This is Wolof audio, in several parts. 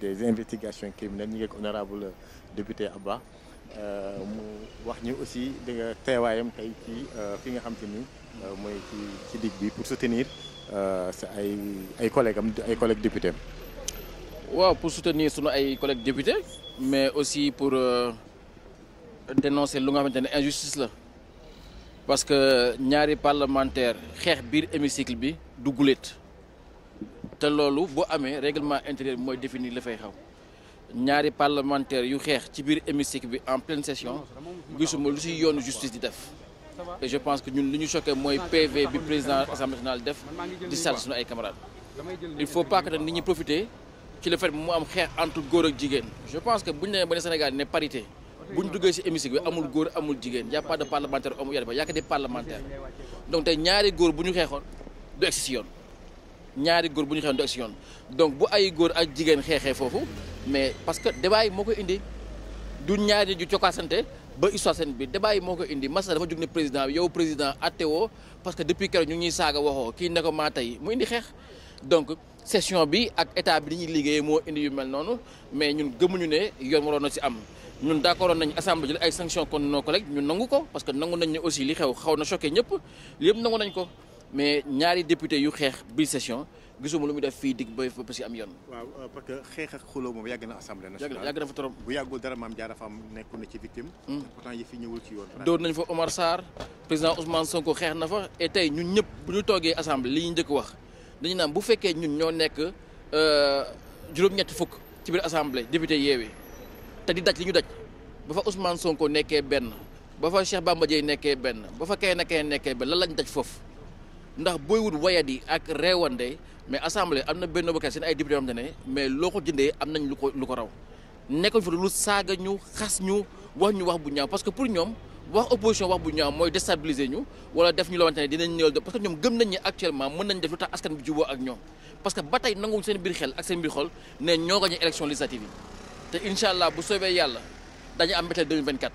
des investigations criminelles ñu ngeek honorable député Abba euh, mu wax ñu aussi di teewaayam tey euh, fi nga xam te ni euh, mooy ci ci dig bi pour soutenir sa ay ay am ay collègues députés waaw pour soutenir sunu ay collègues députés mais aussi pour dénoncer lu nga xamante ne injustice la parce que ñaari parlementaire xeex biir hémicycle bi du guléet te loolu boo amee règlement intérieur bi mooy définir la fay xaw ñaari parlementaire yu xeex ci biir hémicycle bi en pleine session gisuma lu si yoonu justice di def et je pense que ñun li ñu choqué mooy PV bi président assemblée nationale def di sàll suñu ay camarades il faut pas que nit ñi profiter ci le fait mu am xeex entre góor ak jigéen je pense que bu ñu demee ba ne Sénégal ne parité bu ñu duggee si hémicycle bi amul góor amul jigéen y' a pas de parlementaire homme y' a pas y' a que des parlementaires bu ñu xeexoon du si yoon. ñaari góor bu ñu xeexoon du si yoon donc bu ay góor ak jigéen xeexee foofu mais parce que débat yi moo ko indi du ñaari ju cokkaasante ba histoire seen bi débat moo ko indi Massa dafa président bi yow président attewoo parce que depuis keroog ñu ngi saaga waxoo kii ne ko maa tey mu indi xeex donc session bi ak état bi li ñuy liggéeyee moo indi yu mel noonu mais ñun gëmuñu ne yoon waroon na ci am ñun d'accord nañ assemblée jël ay sanctions contre nos collègues ñun nangu ko parce que nangu nañ ne aussi li xew xaw na choqué ñëpp yëpp nangu nañ ko mais ñaari député yu xeex bi session gisuma lu mu def fii digg ba ba si am yoon. waaw euh, que xeex xuloo moom yàgg na assemblée nationale yàgg na fa trop. bu yàggul dara maam Diarra Fam nekku na ci victime. Hmm. pourtant yi ci yoon. dóor nañ fa Omar Sarr président Ousmane Sonko xeex na fa et tey ñun ñëpp bu ñu toogee assemblée li ñu njëkk wax dañu naan bu fekkee ñun ñoo nekk euh, juróom-ñetti fukk ci biir assemblée député yeewee te di daj li ñu daj ba fa Ousmane Sonko nekkee benn ba fa Cheikh Bamba Dièye nekkee benn ba fa kay na kay nekkee benn lan lañ daj foofu. ndax booy wut wayadi ak reewande mais assemblée am na benn bokk seen ay député yoo ne mais loo ko jëndee am nañ lu ko lu ko raw nekkoñ fa lu saaga ñu xas ñu wax ñu wax bu ñaaw parce que pour ñoom wax opposition wax bu ñaaw mooy déstabiliser ñu wala def ñu loo xamante ne dinañ néew parce que ñoom gëm nañ ne actuellement mën nañ def lu tax askan bi juboo ak ñoom parce que ba tey nanguwuñ seen biir xel ak seen biir xol ne ñoo gañe élection législative incha allah bu soobee yàlla dañu am mbéteel 2024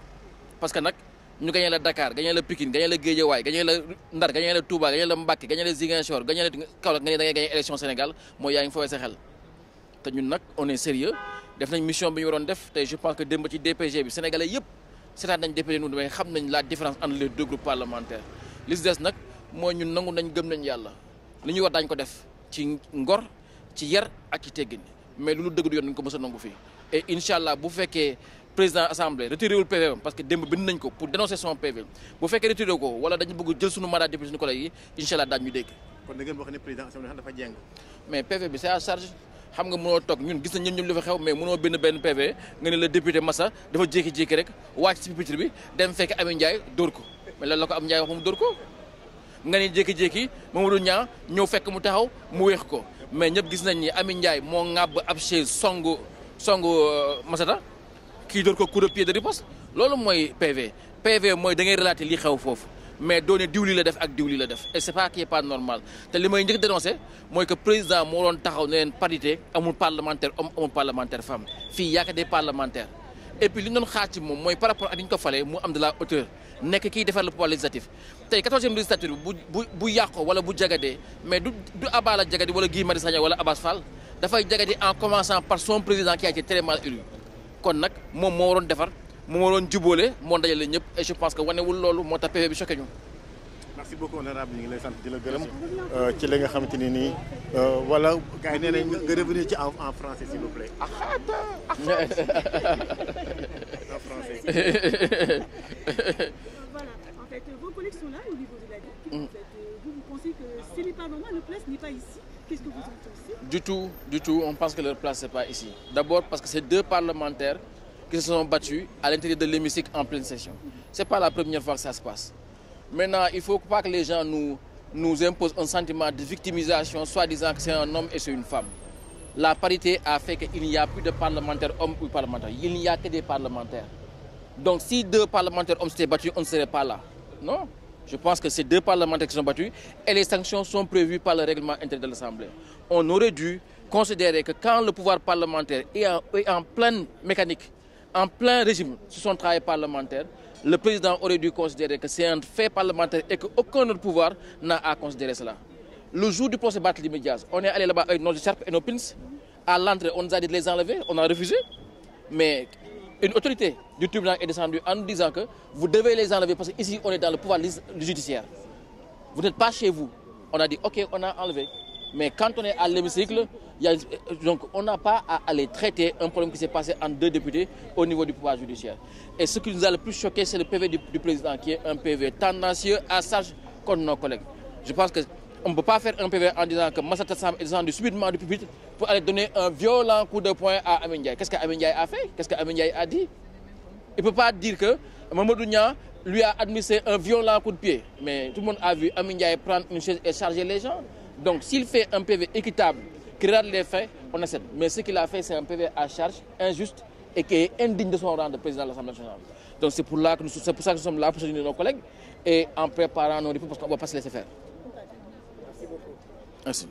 parce que nag ñu gañee la Dakar gañee la Pikine gañee la Guédiawaye gañee la Ndar gañee la Touba gañee la Mbacké gañee la Ziguinchor gañee la Kaolack nga ne élection Sénégal mooy yaa ngi fooyee sa xel te ñun nag on sérieux def nañ mission bi ñu waroon def te je pense que démb ci DPG bi sénégalais yëpp seetaan nañ DPG nu damay xam nañ la différence entre les deux groupes parlementaires li des nag mooy ñun nangu nañ gëm nañ yàlla li ñuy wax daañu ko def ci ngor ci yar ak ci teggin mais loolu dëgg du yoon ko mës a nangu fii président assemblée retiré wul PV parce que démb bind nañ ko pour dénoncer son PV bu fekkee retiré ko wala dañu bëgg jël suñu mandat député suñu collègue yi incha allah daañu ñu dégg. kon président assemblée dafa jàng. mais PV bi c'est à charge xam nga mënoo toog ñun gis nañ ñun ñoom li fa xew mais mënoo bind benn PV nga ne la député Massa dafa jékki-jékki rek wàcc si bi dem fekk Amy Ndiaye dóor ko mais lan ko Amy Ndiaye wax moom dóor ko. nga ne jékki-jékki Mamadou Niang ñëw fekk mu taxaw mu weex ko mais ñëpp gis nañ ni Amy Ndiaye moo ŋàbb ab chaise songu songu euh, Massata kii door ko coup de pied de riposte loolu mooy PV PV mooy da relater li xew foofu mais doo ne diw li la def ak diw la def et c'est pas qui est pas normal te li may njëkk dénoncé mooy que président moo doon taxaw ne leen parité amul parlementaire homme amul parlementaire femme fii yaakaar des parlementaires et puis li ñu doon xaar ci moom mooy par rapport ak ni ñu ko falee mu am de la nekk kiy defar le pouvoir législatif tey quatorzième législature bu bu bu yàqoo mais du du Abala jagadi wala Guy Marius Sagna wala Abass par son président qui a kon nag moom moo waroon defar moo waroon jubóole moo dajale ñëpp et je pense que wanewul loolu moo tax PV bi choqué ñu. merci beaucoup honorable ñu ngi lay sant di la gërëm euh, ci li nga xamante ni nii euh, wala gars yi nee nañ nga revenir ci en en français s'il vous plaît. Ah, ah, ah. en Du tout, du tout. On pense que leur place, c'est pas ici. D'abord parce que c'est deux parlementaires qui se sont battus à l'intérieur de l'hémicycle en pleine session. C'est pas la première fois que ça se passe. Maintenant, il faut pas que les gens nous, nous imposent un sentiment de victimisation, soi-disant que c'est un homme et c'est une femme. La parité a fait qu'il n'y a plus de parlementaires hommes ou parlementaires. Il n'y a que des parlementaires. Donc si deux parlementaires hommes s'étaient battus, on ne serait pas là. Non? Je pense que ces deux parlementaires qui sont battus et les sanctions sont prévues par le règlement intérieur de l'Assemblée. On aurait dû considérer que quand le pouvoir parlementaire est en, est mécanique, en plein régime sur son travail parlementaire, le président aurait dû considérer que c'est un fait parlementaire et qu'aucun autre pouvoir n'a à considérer cela. Le jour du procès Barthélémy Diaz, on est allé là-bas et nos pins. À l'entrée, on nous a dit de une autorité du tribunal est descendue en nous disant que vous devez les enlever parce que ici on est dans le pouvoir judiciaire. Vous n'êtes pas chez vous. On a dit ok, on a enlevé. Mais quand on est à l'hémicycle, il y a, donc on n'a pas à aller traiter un problème qui s'est passé entre deux députés au niveau du pouvoir judiciaire. Et ce qui nous a le plus choqué, c'est le PV du, du président qui est un PV tendancieux à sage contre nos collègues. Je pense que on ne peut pas faire un PV en disant que Massata est descendu subitement du public pour aller donner un violent coup de poing à Amin Qu'est-ce qu'Amin a fait Qu'est-ce qu'Amin a dit Il peut pas dire que Mamadou lui a administré un violent coup de pied. Mais tout le monde a vu Amin prendre une chaise et charger les gens. Donc s'il fait un PV équitable, qui regarde les faits, on accepte. Mais ce qu'il a fait, c'est un PV en préparant Merci.